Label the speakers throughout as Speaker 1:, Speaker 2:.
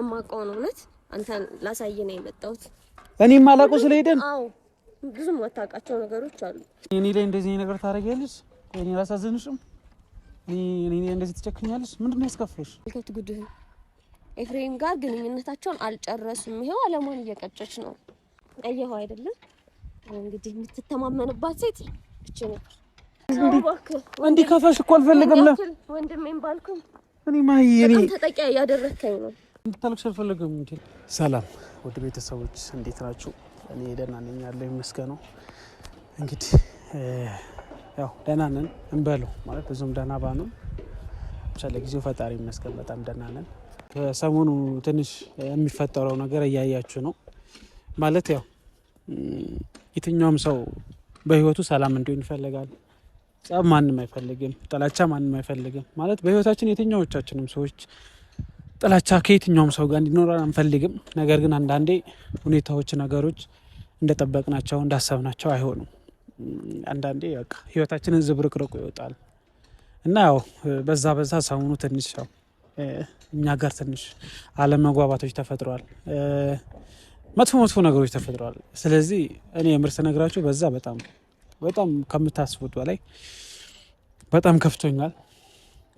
Speaker 1: እማውቀው ነው። እውነት አንተን ላሳየህ ነው የመጣሁት።
Speaker 2: እኔ የማላውቀው ስለሄደን
Speaker 1: ብዙ የማታውቃቸው ነገሮች አሉ።
Speaker 2: እኔ ላይ እንደዚህ ነገር ታደርጊያለሽ? እኔ አላሳዝንሽም? እኔ እንደዚህ ትጨክኛለሽ? ምንድን ነው ያስከፋሽ?
Speaker 1: ልከት ጉድህን ኤፍሬም ጋር ግንኙነታቸውን አልጨረሱም። ይሄው አለማን እየቀጨች ነው። አየኸው አይደለም? እንግዲህ የምትተማመንባት ሴት እቺ ነች።
Speaker 2: እንዲከፋሽ እኮ አልፈልግም።
Speaker 1: ወንድሜም ባልኩ
Speaker 2: እኔ ማይ እኔ
Speaker 1: ተጠቂያ እያደረከኝ ነው
Speaker 2: እንድታለቅሽ አልፈለግም። ሰላም ውድ ቤተሰቦች እንዴት ናችሁ? እኔ ደህና ነኝ ያለው ይመስገነው። እንግዲህ ያው ደህና ነን እንበለው ማለት ብዙም ደህና ባኑ ብቻ ለጊዜው ፈጣሪ ይመስገን በጣም ደህና ነን። ከሰሞኑ ትንሽ የሚፈጠረው ነገር እያያችሁ ነው ማለት ያው የትኛውም ሰው በህይወቱ ሰላም እንዲሆን ይፈልጋል። ጸብ ማንም አይፈልግም፣ ጥላቻ ማንም አይፈልግም ማለት በህይወታችን የትኛዎቻችንም ሰዎች ጥላቻ ከየትኛውም ሰው ጋር እንዲኖረን አንፈልግም። ነገር ግን አንዳንዴ ሁኔታዎች፣ ነገሮች እንደጠበቅናቸው እንዳሰብናቸው አይሆኑም። አንዳንዴ በቃ ህይወታችንን ዝብርቅርቁ ይወጣል እና ያው በዛ በዛ ሰሞኑ ትንሽ ያው እኛ ጋር ትንሽ አለመግባባቶች ተፈጥረዋል። መጥፎ መጥፎ ነገሮች ተፈጥረዋል። ስለዚህ እኔ የምር ስነግራችሁ በዛ በጣም በጣም ከምታስቡት በላይ በጣም ከፍቶኛል።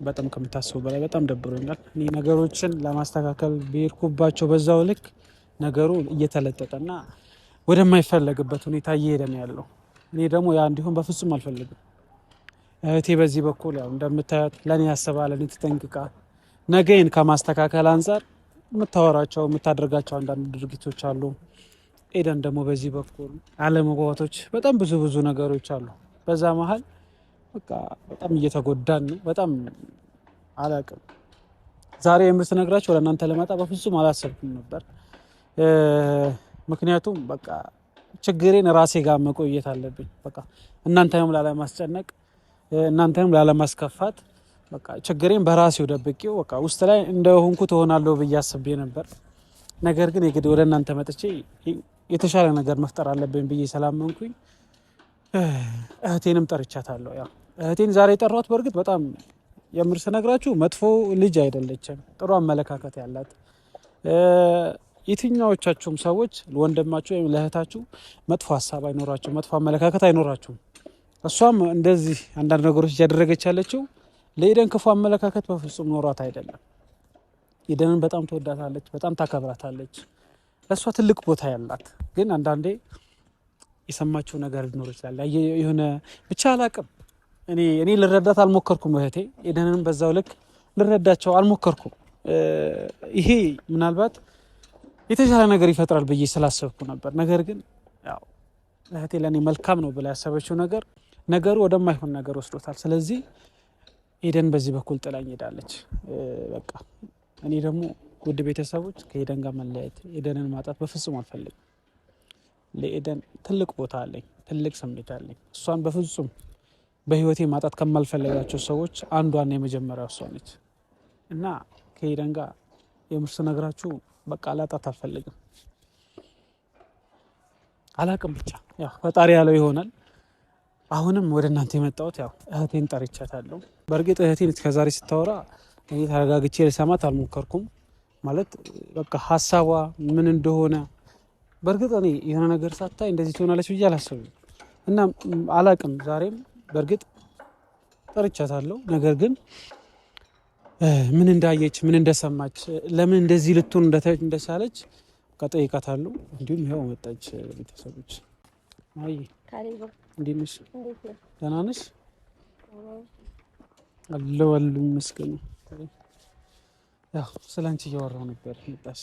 Speaker 2: በጣም ከምታስቡ በላይ በጣም ደብሮኛል። እኔ ነገሮችን ለማስተካከል ብሄድኩባቸው በዛው ልክ ነገሩ እየተለጠጠና ወደማይፈለግበት ሁኔታ እየሄደ ነው ያለው። እኔ ደግሞ ያ እንዲሁም በፍጹም አልፈልግም። እህቴ በዚህ በኩል ያው እንደምታያት ለእኔ ያስባ ለእኔ ትጠንቅቃ ነገን ከማስተካከል አንጻር የምታወራቸው የምታደርጋቸው አንዳንድ ድርጊቶች አሉ። ኤደን ደግሞ በዚህ በኩል አለመግባባቶች፣ በጣም ብዙ ብዙ ነገሮች አሉ። በዛ መሀል በቃ በጣም እየተጎዳን ነው። በጣም አላቅም። ዛሬ የምር ስነግራችሁ ወደ እናንተ ለመጣ በፍጹም አላሰብኩም ነበር። ምክንያቱም በቃ ችግሬን ራሴ ጋር መቆየት አለብኝ። በቃ እናንተንም ላለማስጨነቅ፣ እናንተንም ላለማስከፋት በቃ ችግሬን በራሴው ደብቄው በቃ ውስጥ ላይ እንደሆንኩ ትሆናለሁ ብዬ አስቤ ነበር። ነገር ግን የግድ ወደ እናንተ መጥቼ የተሻለ ነገር መፍጠር አለብኝ ብዬ ስላመንኩኝ እህቴንም ጠርቻታለሁ ያው እህቴን ዛሬ የጠሯት በእርግጥ በጣም የምር ስነግራችሁ መጥፎ ልጅ አይደለችም። ጥሩ አመለካከት ያላት የትኛዎቻችሁም ሰዎች ለወንድማችሁ ወይም ለእህታችሁ መጥፎ ሀሳብ አይኖራችሁ፣ መጥፎ አመለካከት አይኖራችሁም። እሷም እንደዚህ አንዳንድ ነገሮች እያደረገች ያለችው ለኢደን ክፉ አመለካከት በፍጹም ኖሯት አይደለም። ኢደንን በጣም ትወዳታለች፣ በጣም ታከብራታለች። ለእሷ ትልቅ ቦታ ያላት ግን አንዳንዴ የሰማችው ነገር ሊኖር ይችላል የሆነ ብቻ አላቅም እኔ እኔ ልረዳት አልሞከርኩም እህቴ ኤደንንም በዛው ልክ ልረዳቸው አልሞከርኩም። ይሄ ምናልባት የተሻለ ነገር ይፈጥራል ብዬ ስላሰብኩ ነበር። ነገር ግን ያው እህቴ ለእኔ መልካም ነው ብላ ያሰበችው ነገር ነገሩ ወደማይሆን ነገር ወስዶታል። ስለዚህ ኤደን በዚህ በኩል ጥላኝ ሄዳለች። በቃ እኔ ደግሞ ውድ ቤተሰቦች ከኤደን ጋር መለያየት፣ ኤደንን ማጣት በፍጹም አልፈልግም። ለኤደን ትልቅ ቦታ አለኝ፣ ትልቅ ስሜት አለኝ። እሷን በፍጹም በህይወቴ ማጣት ከማልፈለጋቸው ሰዎች አንዷና የመጀመሪያው እሷ ነች እና ከሄደን ጋር የምር ስነግራችሁ በቃ ላጣት አልፈልግም። አላቅም ብቻ ያው ፈጣሪ ያለው ይሆናል። አሁንም ወደ እናንተ የመጣሁት ያው እህቴን ጠርቻታለሁ። በእርግጥ እህቴን እስከዛሬ ስታወራ እኔ ተረጋግቼ ልሰማት አልሞከርኩም። ማለት በቃ ሀሳቧ ምን እንደሆነ በእርግጥ እኔ የሆነ ነገር ሳታይ እንደዚህ ትሆናለች ብዬ አላሰብም እና አላቅም ዛሬም በእርግጥ ጠርቻታለሁ። ነገር ግን ምን እንዳየች፣ ምን እንደሰማች፣ ለምን እንደዚህ ልትሆን እንደቻለች ጠይቃታለሁ። እንዲሁም ይኸው መጣች። ቤተሰቦች አይ እንዴት ነሽ? ደህና ነሽ? አለሁ አለሁ ይመስገን። ያው ስለ አንቺ እያወራሁ ነበር። መጣሽ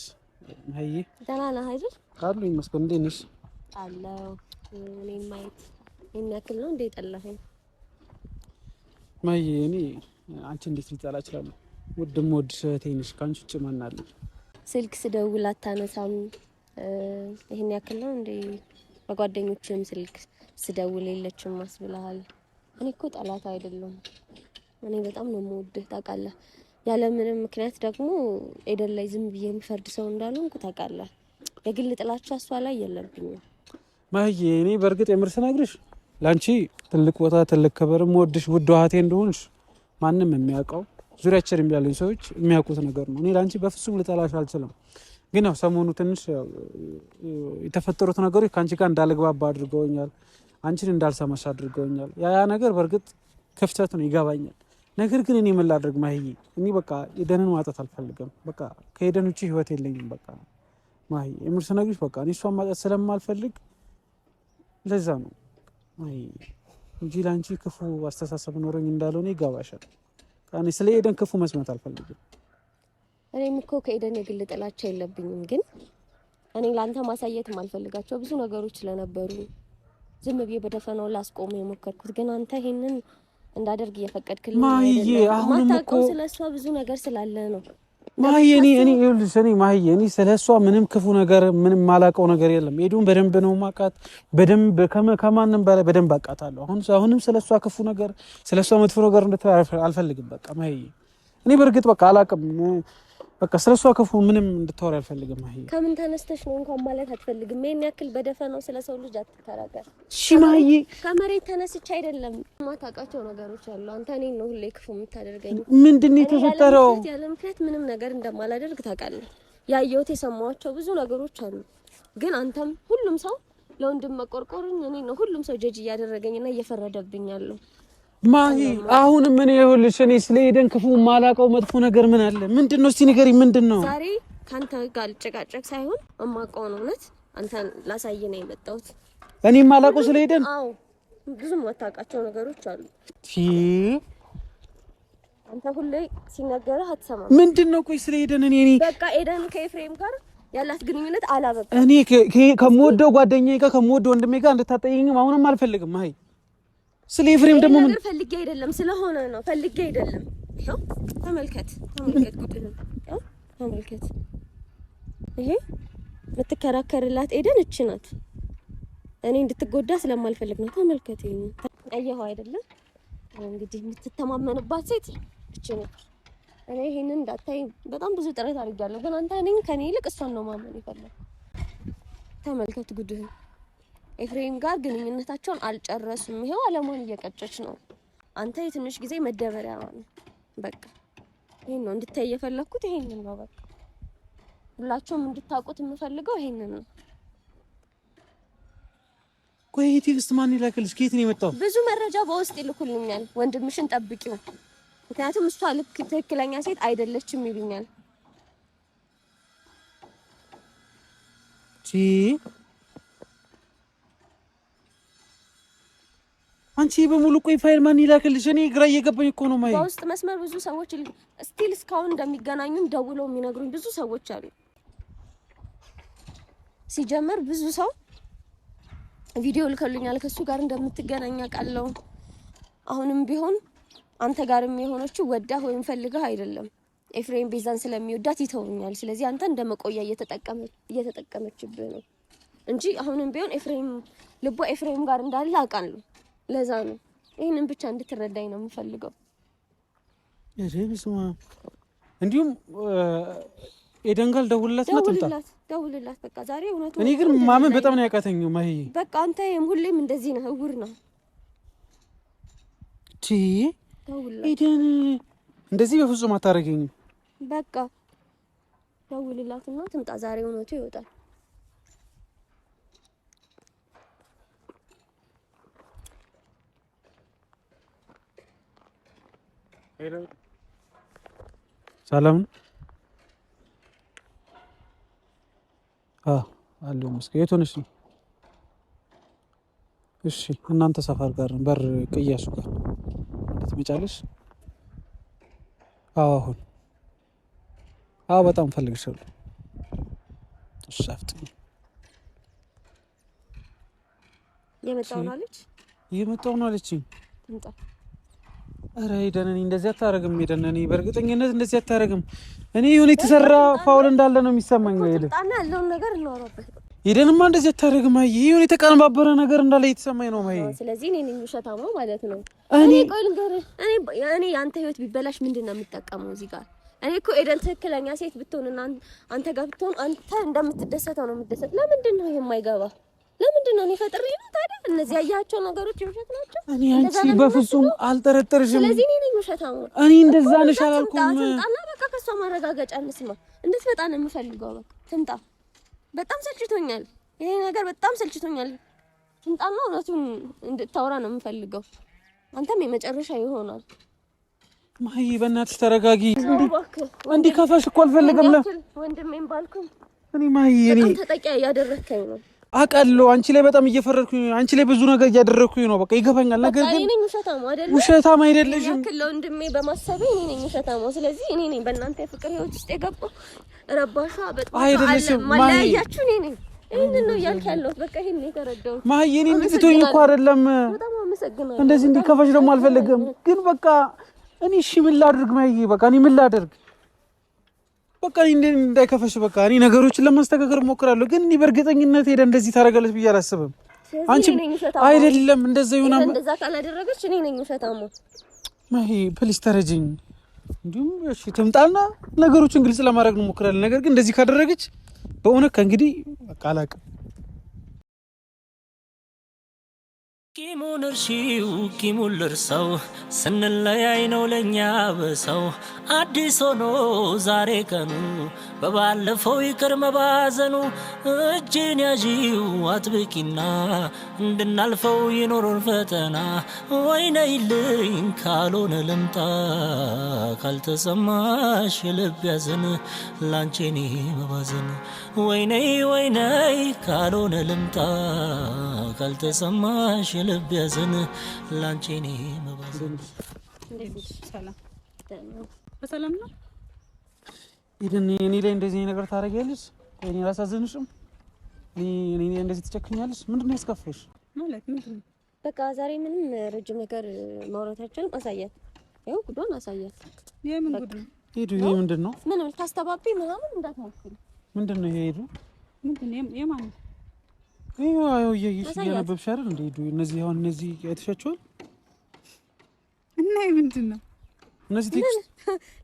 Speaker 2: ሀዬ
Speaker 1: ደህና ነህ አይደል?
Speaker 2: አለሁ ይመስገን። እንዴት ነሽ?
Speaker 1: አለሁ እኔን ማየት ነው እንዴ? ጠላኸኝ
Speaker 2: ማየ እኔ አንቺ እንዴት ልጠላ እችላለሁ? ውድም ወድ ትንሽ ከአንቺ ውጭ ማን
Speaker 1: ስልክ ስደውል አታነሳም። ይህን ያክል ነው እንዴ? በጓደኞችም ስልክ ስደውል የለችም ማስብልሃል። እኔ እኮ ጠላት አይደለም። እኔ በጣም ነው የምወድህ ታውቃለህ። ምንም ምክንያት ደግሞ ኤደን ላይ ዝም ብዬ የሚፈርድ ሰው እንዳልሆንኩ ታውቃለህ። የግል ጥላቻ እሷ ላይ የለብኝም
Speaker 2: ማየ። እኔ በእርግጥ የምር ስነግርሽ ለአንቺ ትልቅ ቦታ ትልቅ ክብር ወድሽ ውድ ውሀቴ እንደሆንሽ ማንም የሚያውቀው ዙሪያችን ያሉኝ ሰዎች የሚያውቁት ነገር ነው። እኔ ለአንቺ በፍጹም ልጠላሽ አልችልም። ግን ያው ሰሞኑ ትንሽ የተፈጠሩት ነገሮች ከአንቺ ጋር እንዳልግባባ አድርገውኛል። አንቺን እንዳልሰማሽ አድርገውኛል። ያ ያ ነገር በእርግጥ ክፍተት ነው ይገባኛል። ነገር ግን እኔ ምን ላድርግ ማህዬ፣ እኔ በቃ ኤደንን ማጣት አልፈልግም። በቃ ከኤደን ውጭ ህይወት የለኝም። በቃ ማህዬ የምርስ ነግሪሽ በቃ እኔ እሷን ማጣት ስለማልፈልግ ለዛ ነው እንጂ ለአንቺ ክፉ አስተሳሰብ ኖረኝ እንዳልሆነ ይገባሻል። እኔ ስለ ኤደን ክፉ መስማት አልፈልግም።
Speaker 1: እኔም እኮ ከኤደን የግል ጥላቻ የለብኝም፣ ግን እኔ ለአንተ ማሳየት የማልፈልጋቸው ብዙ ነገሮች ስለነበሩ ዝም ብዬ በደፈናው ላስቆመ የሞከርኩት፣ ግን አንተ ይሄንን እንዳደርግ እየፈቀድክልኝ ማታውቀው ስለሷ ብዙ ነገር ስላለ ነው።
Speaker 2: ማህዬ እኔ ይኸውልሽ እኔ ማህዬ እኔ ስለ እሷ ምንም ክፉ ነገር ምንም ማላውቀው ነገር የለም። ኤዱን በደንብ ነው ማውቃት፣ በደንብ ከማንም በላይ በደንብ አውቃታለሁ። አሁን አሁንም ስለ እሷ ክፉ ነገር ስለ እሷ መጥፎ ነገር እንድትል አልፈልግም። በቃ ማህዬ እኔ በእርግጥ በቃ አላውቅም በቃ ስለ እሷ ክፉ ምንም እንድታወሪ አልፈልግም። ማህዬ
Speaker 1: ከምን ተነስተሽ ነው እንኳን ማለት አትፈልግም? ይሄን ያክል በደፈናው ስለ ሰው ልጅ አትከራከር እሺ ማህዬ። ከመሬት ተነስቼ አይደለም የማታውቃቸው ነገሮች አሉ። አንተ እኔን ነው ሁሌ ክፉ የምታደርገኝ።
Speaker 2: ምንድን ነው የተፈጠረው?
Speaker 1: ያለ ምክንያት ምንም ነገር እንደማላደርግ ታውቃለህ። ያየሁት የሰማኋቸው ብዙ ነገሮች አሉ። ግን አንተም ሁሉም ሰው ለወንድም መቆርቆርኝ እኔ ነው ሁሉም ሰው ጀጅ እያደረገኝና እየፈረደብኝ ያለው
Speaker 2: ማሂ አሁን ምን ይኸውልሽ፣ እኔ ስለ ክፉ ማላቀው መጥፎ ነገር ምን አለ? ምንድን ነው እስቲ ንገሪኝ። ምንድን ነው
Speaker 1: ዛሬ ከአንተ ጋር ልጨቃጨቅ ሳይሆን እማውቀውን እውነት አንተን ላሳየህ ነው የመጣሁት።
Speaker 2: እኔ ማላቀው ስለ ኤደን?
Speaker 1: አዎ፣ ብዙም ወታውቃቸው ነገሮች አሉ። አንተ ሁሌ ሲነገርህ አትሰማም።
Speaker 2: ምንድን ነው ቆይ ስለ እኔ እኔ
Speaker 1: በቃ ኤደን ከኤፍሬም ጋር ያላት ግንኙነት አላበቃ።
Speaker 2: እኔ ከምወደው ጓደኛዬ ጋር ከምወደው ወንድሜ ጋር እንድታጠይኝም አሁንም አልፈልግም ማሂ ስለ ኤፍሬም ደግሞ
Speaker 1: ምን ፈልጌ አይደለም፣ ስለሆነ ነው ፈልጌ አይደለም። ይሄው ተመልከት፣ ተመልከት፣ ጉድን ይሄው ተመልከት። ይሄ የምትከራከርላት ኤደን እች ናት። እኔ እንድትጎዳ ስለማልፈልግ ነው። ተመልከት፣ ይሄ አየኸው አይደለም? እንግዲህ የምትተማመንባት ሴት እች ነች። እኔ ይሄንን እንዳታይ በጣም ብዙ ጥረት አድርጌያለሁ፣ ግን አንተ እኔን ከኔ ይልቅ እሷን ነው ማመን የፈለግ። ተመልከት ጉድህን ኤፍሬም ጋር ግንኙነታቸውን አልጨረሱም። ይሄው አለማን እየቀጨች ነው። አንተ የትንሽ ጊዜ መደበሪያ ነው። በቃ ይሄን ነው እንድታይ የፈለኩት። ነው በቃ ሁላችሁም እንድታውቁት የምፈልገው ይሄን ነው።
Speaker 2: ቆይ ይሄ ቴክስት ማን ይላክልሽ? ከየት ነው የመጣው?
Speaker 1: ብዙ መረጃ በውስጥ ይልኩልኛል። ወንድምሽን ጠብቂው፣ ምክንያቱም እሷ ልክ ትክክለኛ ሴት አይደለችም ይሉኛል።
Speaker 2: አንቺ በሙሉ ቆይ፣ ፋይል ማን ይላክልሽ? እኔ ግራ እየገባኝ እኮ ነው። ማለት
Speaker 1: በውስጥ መስመር ብዙ ሰዎች ስቲል እስካሁን እንደሚገናኙም ደውለው የሚነግሩኝ ብዙ ሰዎች አሉ። ሲጀምር ብዙ ሰው ቪዲዮ ልከሉኛል ከሱ ጋር እንደምትገናኝ አውቃለሁ። አሁንም ቢሆን አንተ ጋርም የሆነችው ወዳህ ወይም ፈልገህ አይደለም። ኤፍሬም ቤዛን ስለሚወዳት ይተውኛል። ስለዚህ አንተ እንደ መቆያ እየተጠቀመችብህ ነው እንጂ አሁንም ቢሆን ኤፍሬም ልቦ ኤፍሬም ጋር እንዳለ አውቃለሁ። ለዛ ነው ይህንን ብቻ እንድትረዳኝ ነው የምፈልገው።
Speaker 2: እንዲሁም የደንጋል ደውልላት ደውልላት
Speaker 1: ደውልላት። በቃ ዛሬ እውነቱ
Speaker 2: እኔ ግን ማመን በጣም ነው ያቃተኝ። ማይ
Speaker 1: በቃ አንተ ሁሌም እንደዚህ ነህ፣ እውር ነው
Speaker 2: ቺ ኢደን እንደዚህ በፍጹም አታረገኝም።
Speaker 1: በቃ ደውልላት እና ትምጣ። ዛሬ እውነቱ ይወጣል።
Speaker 2: ሰላም አለው መስገ የት ሆነች ነው? እሺ እናንተ ሰፈር ጋር በር ቅያሱ ጋር ትመጫለሽ? አዎ አሁን አዎ በጣም ፈልግሻለሁ። እሺ አፍጥኝ።
Speaker 1: የመጣውን አለች
Speaker 2: የመጣውን አለችኝ። ኧረ ደነኒ እንደዚህ አታረግም። ደነኒ በእርግጠኝነት እንደዚህ አታረግም። እኔ የሆነ የተሰራ ፋውል እንዳለ ነው የሚሰማኝ። ሄደንማ እንደዚህ አታረግም። አይ የሆነ የተቀነባበረ ነገር እንዳለ እየተሰማኝ ነው። ማይ
Speaker 1: ስለዚህ እኔ ነኝ ውሸታማ ማለት ነው። እኔ ቆይ ልንገርህ፣ እኔ የአንተ ህይወት ቢበላሽ ምንድን ነው የምጠቀመው እዚህ ጋር? እኔ እኮ ኤደን ትክክለኛ ሴት ብትሆንና አንተ ጋር ብትሆን አንተ እንደምትደሰተው ነው የምትደሰት። ለምንድን ነው ይሄ የማይገባ ለምንድን ነው የሚፈጥር ነው ታዲያ? እነዚህ ያያቸው ነገሮች የውሸት ናቸው።
Speaker 2: እኔ አንቺ በፍጹም አልጠረጠርሽም።
Speaker 1: ስለዚህ እኔ ነኝ ውሸት አሁን
Speaker 2: እኔ እንደዛ ነሽ አላልኩም። ትምጣና
Speaker 1: በቃ ከሷ ማረጋገጫ እንስማ። እንድትመጣ ነው የምፈልገው። በቃ ትምጣ። በጣም ሰልችቶኛል ይሄ ነገር፣ በጣም ሰልችቶኛል። ትምጣና እውነቱን እንድታወራ ነው የምፈልገው። አንተም የመጨረሻ ይሆናል።
Speaker 2: ማይ በእናትሽ ተረጋጊ። እንዲህ ከፋሽ እኮ አልፈልግም።
Speaker 1: ወንድሜም ባልኩም
Speaker 2: እኔ ማይ እኔ
Speaker 1: ተጠቂያ ያደረከኝ ነው
Speaker 2: አቀለው አንቺ ላይ በጣም እየፈረድኩኝ ነው። አንቺ ላይ ብዙ ነገር እያደረግኩኝ ነው። በቃ ይገባኛል። ነገር ግን ውሸታም አይደለሽም።
Speaker 1: እንድሜ በማሰቤ እኔ ነኝ ውሸታም። ስለዚህ እኔ ነኝ በእናንተ ፍቅር ህይወት ውስጥ የገባው ረባሻ በጣም አይደለሽም። ማለያያችሁ እኔ ነኝ። ይህንን ነው እያልክ ያለሁት። በቃ ይህን የተረዳሁት
Speaker 2: ማየ እኔ ትቶኝ እኮ አይደለም። እንደዚህ እንዲከፋሽ ደግሞ አልፈልግም። ግን በቃ እኔ እሺ ምን ላድርግ? ማየ በቃ እኔ ምን ላድርግ? በቃ እንዳይከፈሽ። በቃ እኔ ነገሮችን ለማስተካከል እሞክራለሁ፣ ግን እኔ በእርግጠኝነት ሄደ እንደዚህ ታደርጋለች ብዬ አላስብም። አንቺ አይደለም እንደዛ ይሆና
Speaker 1: እንደዛ ካላደረገች እኔ ነኝ ውሸታሙ።
Speaker 2: ማሂ ፕሊስ ተረጅኝ። እንዲሁም እሺ ትምጣና ነገሮችን ግልጽ ለማድረግ እንሞክራለን። ነገር ግን እንደዚህ ካደረገች በእውነት ከእንግዲህ በቃ አላውቅም
Speaker 3: ቂሙን እርሺው ቂሙን ልርሰው ስንለያይ ነው ለእኛ በሰው አዲስ ሆኖ ዛሬ ቀኑ በባለፈው ይቅር መባዘኑ ያዢው አጥብቂና እንድናልፈው ይኖሮን ፈተና ወይነይልኝ ካልሆነ ልምጣ ካልተሰማሽ ልብ ያዘን ላንቼኔ መባዘን ወይነይ ወይነይ ካልሆነ ልምጣ ካልተሰማሽ ልብ ያዘን ላንቺ እኔ መባዘን።
Speaker 1: በሰላም ነው
Speaker 2: ኢደን። እኔ ላይ እንደዚህ ነገር ታደርጊያለሽ? እኔ አላሳዝንሽም? እኔ ላይ እንደዚህ ትጨክኛለሽ? ምንድን ነው ያስከፋሽ?
Speaker 1: ማለት ምንድን ነው? በቃ ዛሬ ምንም ረጅም ነገር ማውራታችን አሳያት። ይኸው ጉዷን አሳያት።
Speaker 2: ይሄ ምን ጉድ ነው? ሄዱ ይሄ ምንድን ነው?
Speaker 1: ምንም ልታስተባቢ ምናምን እንዳትሞክሪ።
Speaker 2: ምንድን ነው ይሄ ሄዱ?
Speaker 1: ምንድን ነው የማን ነው
Speaker 2: እያነበብሽ አይደል እንደ ሄዱ እነዚህ አሁን እነዚህ አይተሻቸዋል
Speaker 1: እና ምንድን ነው እነዚህ ቴክስት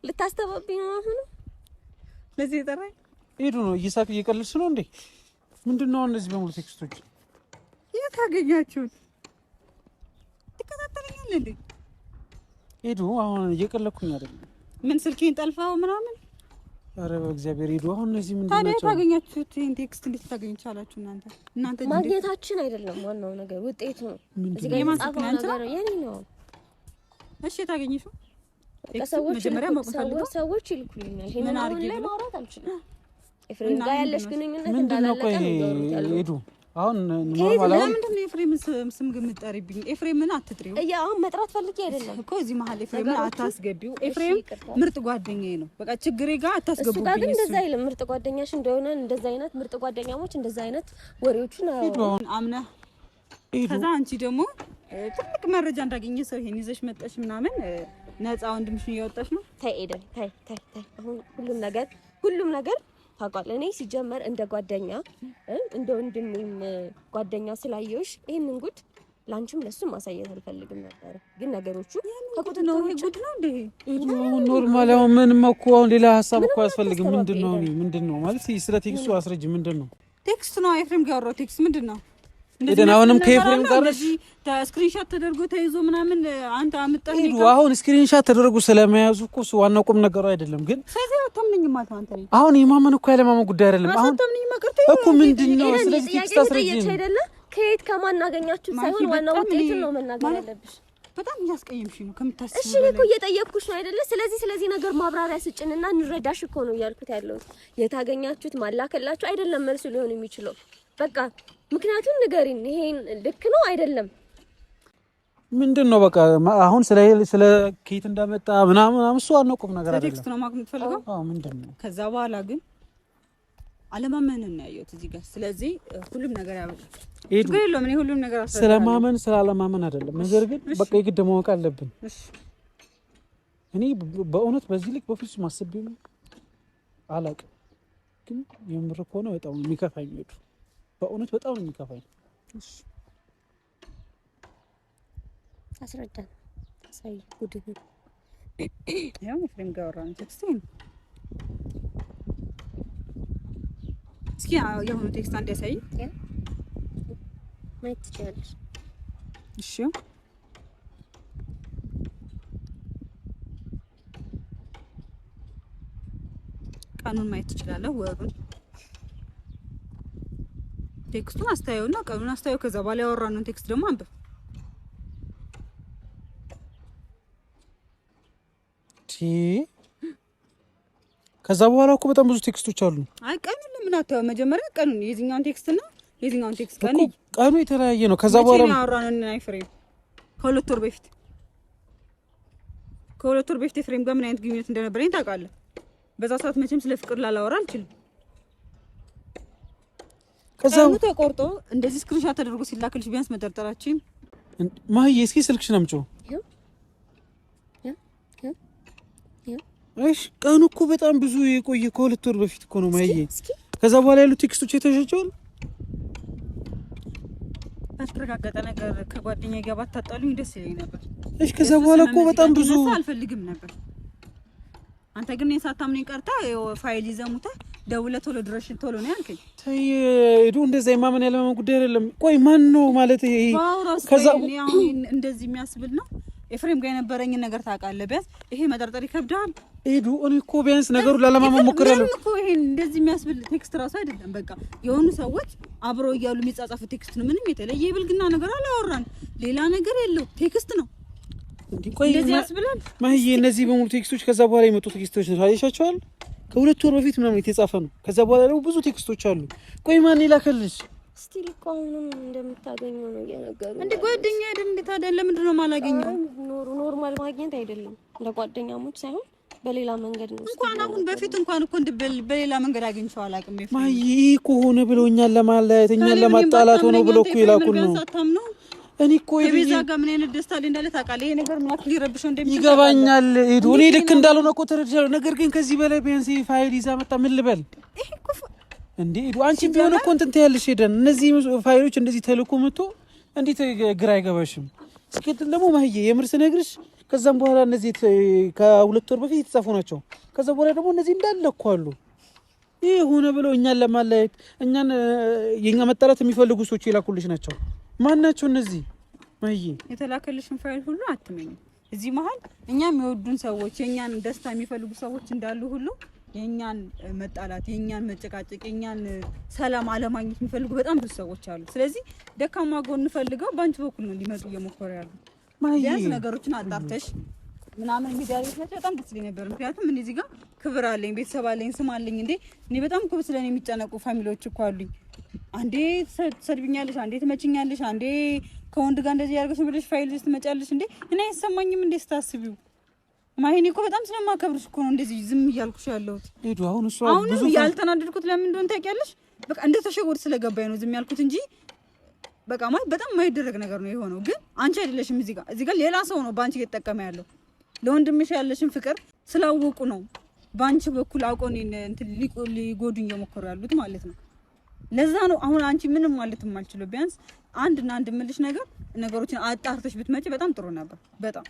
Speaker 1: ልታስተባብኝ ነው አሁን ለዚህ የጠራኝ
Speaker 2: ሄዱ ነው እየሳቅ እየቀለድሽ ነው እንዴ ምንድን ነው እነዚህ በሙሉ ቴክስቶች
Speaker 1: የት አገኛችሁት ትከታተለኛለህ እንዴ
Speaker 2: ሄዱ አሁን እየቀለድኩኝ አይደለም
Speaker 1: ምን ስልኬን ጠልፋው ምናምን
Speaker 2: አረ በእግዚአብሔር ሂዱ። አሁን እነዚህ ምንድን ነው
Speaker 1: ታዲያ? ታገኛችሁት ይሄን ቴክስት እንዴት ታገኙ ቻላችሁ እናንተ? እናንተ ማግኘታችን አይደለም ዋናው ነገር ውጤቱ ነው። እዚህ እሺ የታገኘሽው ሰዎች ይልኩልኛል። ይሄንን አሁን ማውራት አልችልም። ኤፍሬም ጋር ያለሽ ግንኙነት
Speaker 2: እንዳላለቀ ነው። ሂዱ አሁን
Speaker 1: ኖርማል ኤፍሬም ስም ኤፍሬምን አትጥሪው። አሁን መጥራት ፈልጌ አይደለም እኮ እዚህ መሀል ኤፍሬምን አታስገቢው። ኤፍሬም ምርጥ ጓደኛዬ ነው። በቃ ችግሬ ጋር እሱ ጋር ግን እንደዛ አይልም። ምርጥ ጓደኛሽ እንደሆነ እንደዛ አይነት ምርጥ ጓደኛሞች እንደዛ አይነት ወሬዎችን አሁን አምነህ ከዛ አንቺ ደግሞ ትልቅ መረጃ እንዳገኘ ሰው ይሄን ይዘሽ መጣሽ ምናምን ነፃ ወንድምሽን እያወጣሽ ነው። ተይ ኤደን ተይ ተይ ተይ። አሁን ሁሉም ነገር ሁሉም ነገር ታውቃለህ። እኔ ሲጀመር እንደ ጓደኛ እንደ ወንድሜም ጓደኛ ስላየሁሽ ይህንን ጉድ ላንቺም ለሱም ማሳየት አልፈልግም ነበር፣ ግን ነገሮቹ ከቁጥጥር ነው። ይሄ ጉድ ነው እንዴ?
Speaker 2: ኖርማል። አሁን ምንም እኮ አሁን ሌላ ሀሳብ እኮ አያስፈልግም። ምንድን ነው ምንድን ነው ማለት ስለ ቴክስቱ አስረጅ። ምንድን ነው
Speaker 1: ቴክስቱ ነው ኤፍሬም ጋር ያወራው ቴክስት ምንድን ነው?
Speaker 2: ሄደን አሁንም ከኤፍሬም ጋር
Speaker 1: ስክሪንሻት ተደርጎ ተይዞ ምናምን አንተ አምጣህ
Speaker 2: ሄዱ። አሁን ስክሪንሻት ተደርጎ ስለመያዙ እኮ እሱ ዋናው ቁም ነገሩ አይደለም።
Speaker 1: ግን ማለት አንተ
Speaker 2: አሁን የማመን እኮ ያለማመን ጉዳይ አይደለም። አሁን እኮ ምንድን ነው ስለዚህ ታስረጅ
Speaker 1: አይደለ? ከየት ከማን አገኛችሁ ሳይሆን ዋናው ውጤቱን ነው መናገር ያለብሽ። በጣም እያስቀየምሽ ነው ከምታስበው። እሺ እኔ እኮ እየጠየቅኩሽ ነው አይደለ? ስለዚህ ስለዚህ ነገር ማብራሪያ ስጭንና እንረዳሽ እኮ ነው እያልኩት ያለው። የታገኛችሁት ማላከላችሁ አይደለም መልሱ ሊሆን የሚችለው በቃ ምክንያቱም ንገሪን፣ ይሄን ልክ ነው አይደለም?
Speaker 2: ምንድን ነው በቃ አሁን ስለ ስለ ኬት እንደመጣ ምናምን ምናምን እሱ ዋናው ነገር አይደለም።
Speaker 1: ቴክስት ነው ማግኘት ፈልገው። አዎ ምንድን ነው ከዛ በኋላ ግን አለማመንን ነው ያየሁት እዚህ ጋር። ስለዚህ ሁሉም ነገር ያው ያበቃል። ችግር የለውም። እኔ ሁሉም ነገር አሰራ
Speaker 2: ስለማመን ስለአለማመን አይደለም፣ ነገር ግን በቃ የግድ ማወቅ አለብን። እኔ በእውነት በዚህ ልክ በፍጹም አስቤው አላውቅም፣ ግን የምር ከሆነ በጣም የሚከፋኝ ነው። በእውነት በጣም ነው የሚከፋኝ።
Speaker 1: አስረዳን፣ አሳይ ጉድህ ያው ኤፍሬም ጋር አወራን ቴክስት እስኪ ቴክስት አንድ ያሳይ ማየት ትችላለች። እሺ ቀኑን ማየት ትችላለህ ወሩን ቴክስቱን እና ቀኑን አስተያየው። ከዛ በኋላ ያወራነውን ቴክስት ደግሞ አንብብ።
Speaker 2: ከዛ በኋላ እኮ በጣም ብዙ ቴክስቶች አሉ።
Speaker 1: አይ ቀኑን ለምን አታየው? መጀመሪያ ቀኑን የዚህኛውን ቴክስት እና የዚህኛውን ቴክስት ቀኑ
Speaker 2: ቀኑ የተለያየ ነው። ከዛ በኋላ
Speaker 1: ያወራነውን ኤፍሬም ከሁለት ወር በፊት ከሁለት ወር በፊት ፍሬም ጋር ምን አይነት ግንኙነት እንደነበረኝ ታውቃለህ። በዛ ሰዓት መቼም ስለ ፍቅር ላላወራ አልችልም። ከዛም ተቆርጦ እንደዚህ ስክሪንሻት ተደርጎ ሲላክልሽ ቢያንስ መጠርጠራችን
Speaker 2: ማህዬ፣ እስኪ ስልክሽን አምጪው። እሺ ቀኑ እኮ በጣም ብዙ የቆየ ከሁለት ወር በፊት እኮ ነው ማህዬ። ከዛ በኋላ ያሉ ቴክስቶች የተሸጨዋል።
Speaker 1: ባልተረጋገጠ ነገር ከጓደኛዬ ጋር ባታጣሉኝ ደስ ይለኝ ነበር።
Speaker 2: እሺ ከዛ በኋላ እኮ በጣም ብዙ
Speaker 1: አልፈልግም ነበር። አንተ ግን የሳታምነኝ ቀርታ ፋይል ይዘሙታል። ደውለህ ቶሎ ድረሽ ቶሎ ነው ያልከኝ።
Speaker 2: ተይ ሂዱ። እንደዛ የማመን ያለማመን ጉዳይ አይደለም። ቆይ ማን ነው ማለት ይሄ
Speaker 1: እንደዚህ የሚያስብል ነው። ኤፍሬም ጋር የነበረኝ ነገር ታውቃለህ። ቢያንስ ይሄ መጠርጠር ይከብዳል።
Speaker 2: ሂዱ። እኔ እኮ ቢያንስ ነገሩ ላለማመን ሞክራለሁ
Speaker 1: እኮ። ይሄን እንደዚህ የሚያስብል ቴክስት ራሱ አይደለም። በቃ የሆኑ ሰዎች አብረው እያሉ የሚጻጻፉ ቴክስት ነው። ምንም የተለየ የብልግና ነገር አላወራን። ሌላ ነገር የለው ቴክስት ነው። እንደዚህ ያስብላል።
Speaker 2: ማህዬ፣ እነዚህ በሙሉ ቴክስቶች ከዛ በኋላ የመጡ ቴክስቶች ነው። ታየሻቸዋል ከሁለት ወር በፊት ምናምን የተጻፈ ነው። ከዛ በኋላ ደግሞ ብዙ ቴክስቶች አሉ። ቆይ ማን ይላከልሽ?
Speaker 1: ስቲል እኮ አሁንም እንደምታገኘው ነው እየነገሩ እንደ ጓደኛ አይደል? እንዴት አይደለም? ለምንድን ነው የማላገኘው? ኖርማል ማግኘት አይደለም እንደ ጓደኛሞች ሳይሆን በሌላ መንገድ ነው። እንኳን አሁን በፊት እንኳን እኮ በሌላ መንገድ አግኝቼው አላውቅም።
Speaker 2: ይሄ እኮ ሆነ ብሎ እኛን ለማለያየት እኛን ለማጣላት ሆኖ ብሎ እኮ የላኩን ነው እኔ እኮ
Speaker 1: ከቤዛ ጋር ምን አይነት ደስታ ላይ እንዳለ ታውቃለህ። ይሄ ነገር ምን ያክል ሊረብሸው እንደሚችል
Speaker 2: ይገባኛል። ሄዱ እኔ ልክ እንዳልሆነ እኮ ተረድቻለሁ። ነገር ግን ከዚህ በላይ ቢያንስ ፋይል ይዛ መጣ ምን ልበል እንዴ? ሄዱ አንቺ ቢሆን እኮ እንትን ትያለሽ። ሄደን እነዚህ ፋይሎች እንደዚህ ተልኮ መጥቶ እንዴት ግራ አይገባሽም? ሲቀጥል ደግሞ ማህዬ የምር ስነግርሽ ከዛም በኋላ እነዚህ ከሁለት ወር በፊት የተጻፉ ናቸው። ከዛ በኋላ ደግሞ እነዚህ እንዳለ እኮ አሉ። ይህ ሆነ ብለው እኛን ለማለያየት እኛን የኛ መጠላት የሚፈልጉ ሰዎች ይላኩልሽ ናቸው። ማናቸው እነዚህ? ማዬ
Speaker 1: የተላከልሽን ፋይል ሁሉ አትመኝ። እዚህ መሀል እኛ የሚወዱን ሰዎች የእኛን ደስታ የሚፈልጉ ሰዎች እንዳሉ ሁሉ የእኛን መጣላት፣ የእኛን መጨቃጨቅ፣ የእኛን ሰላም አለማግኘት የሚፈልጉ በጣም ብዙ ሰዎች አሉ። ስለዚህ ደካማ ጎን ፈልገው በአንቺ በኩል ነው እንዲመጡ እየሞከሩ ያሉ። ቢያንስ ነገሮችን አጣርተሽ ምናምን ሚዲያ ቤት በጣም ደስ ይለኝ ነበር። ምክንያቱም እኔ እዚህ ጋር ክብር አለኝ፣ ቤተሰብ አለኝ፣ ስም አለኝ። እንዴ እኔ በጣም ክብር ስለኔ የሚጨነቁ ፋሚሊዎች እኮ አሉኝ። አንዴ ትሰድብኛለሽ፣ አንዴ ትመችኛለሽ፣ አንዴ ከወንድ ጋር እንደዚህ ያርገሽ ብለሽ ፋይል ውስጥ ትመጫለሽ እንዴ? እኔ አይሰማኝም እንዴ ስታስቢው? ማይኔ እኮ በጣም ስለማከብርሽ እኮ ነው እንደዚህ ዝም እያልኩሽ ያለሁት። ሄዱ አሁን እሷ ብዙ ያልተናደድኩት ለምን እንደሆነ ታውቂያለሽ? በቃ እንደ ተሸወድ ስለገባኝ ነው ዝም ያልኩት እንጂ በቃ ማለት በጣም የማይደረግ ነገር ነው የሆነው። ግን አንቺ አይደለሽም እዚህ ጋር እዚህ ጋር ሌላ ሰው ነው በአንቺ እየተጠቀመ ያለው። ለወንድምሽ ያለሽን ፍቅር ስላወቁ ነው በአንቺ በኩል አውቀው እኔን እንትን ሊጎዱኝ እየሞከሩ ያሉት ማለት ነው። ለዛ ነው አሁን አንቺ ምንም ማለት የማልችለው። ቢያንስ አንድ እና አንድ ምልሽ ነገር ነገሮችን አጣርተሽ ብትመጪ በጣም ጥሩ ነበር። በጣም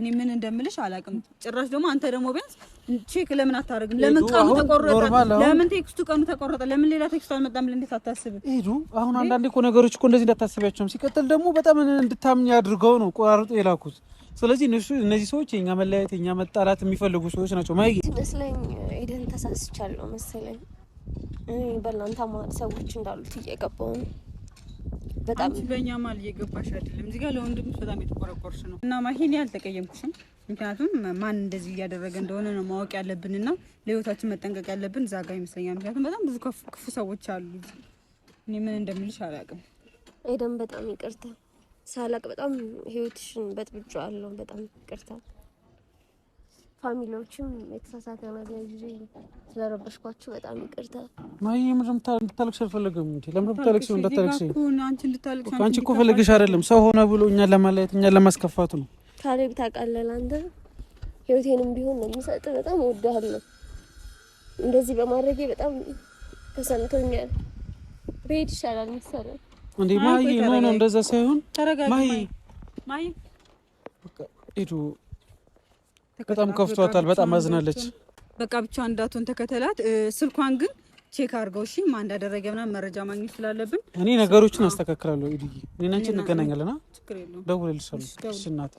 Speaker 1: እኔ ምን እንደምልሽ አላውቅም። ጭራሽ ደግሞ አንተ ደግሞ ቢያንስ ቼክ ለምን አታደርግም? ለምን ቀኑ ተቆረጠ? ለምን ቴክስቱ ቀኑ ተቆረጠ? ለምን ሌላ ቴክስቱ አልመጣም? እንዴት አታስብም?
Speaker 2: ሂዱ አሁን አንዳንዴ እኮ ነገሮች እኮ እንደዚህ እንዳታስቢያቸውም። ሲቀጥል ደግሞ በጣም እንድታምኝ አድርገው ነው ቆራርጦ የላኩት። ስለዚህ እነዚህ ሰዎች የኛ መለያየት የኛ መጣላት የሚፈልጉ ሰዎች ናቸው። ማይ
Speaker 1: ይመስለኝ ኤደን ተሳስቻለሁ መሰለኝ እኔ በእናንተ መሀል ሰዎች እንዳሉት እየገባው ነው። በጣም በእኛ ማል እየገባሽ አይደለም። እዚህ ጋር ለወንድምሽ በጣም የተቆረቆርሽ ነው እና ማሂን ያልተቀየምኩሽም ምክንያቱም ማን እንደዚህ እያደረገ እንደሆነ ነው ማወቅ ያለብን እና ለህይወታችን መጠንቀቅ ያለብን እዛ ጋር ይመስለኛል። ምክንያቱም በጣም ብዙ ክፉ ሰዎች አሉ። እኔ ምን እንደምልሽ አላውቅም። ኤደን በጣም ይቅርታ ሳላቅ በጣም ህይወትሽን በጥብጫ አለው። በጣም ይቅርታ ፋሚሊዎችም የተሳሳተ ነገር ጊዜ ስለረበሽኳችሁ በጣም ይቅርታ።
Speaker 2: ማይ ምንም እንድታለቅሽ አልፈለግም እንጂ ለምን ብታለቅሽ እንዳታለቅሽ? አንቺ እኮ ፈልግሽ አይደለም ሰው ሆነ ብሎ እኛ ለማለየት እኛ ለማስከፋቱ ነው።
Speaker 1: ካሌብ ታውቃለህ፣ አንተ ህይወቴንም ቢሆን ነው የምሰጥህ። በጣም እወድሃለሁ። እንደዚህ በማድረጌ በጣም ተሰምቶኛል። ቤት ይሻላል መሰለህ
Speaker 2: እንዴ? ማይ ነው ነው እንደዛ ሳይሆን
Speaker 1: ማይ ማይ
Speaker 2: ሄዱ በጣም ከፍቷታል። በጣም አዝናለች።
Speaker 1: በቃ ብቻ እንዳትሆን ተከተላት። ስልኳን ግን ቼክ አድርገው እሺ። ማን እንዳደረገ ምናምን መረጃ ማግኘት ስላለብን
Speaker 2: እኔ ነገሮችን አስተካክላለሁ። እኔ እናንቺ እንገናኛለን። ደውልልሻለሁ እናት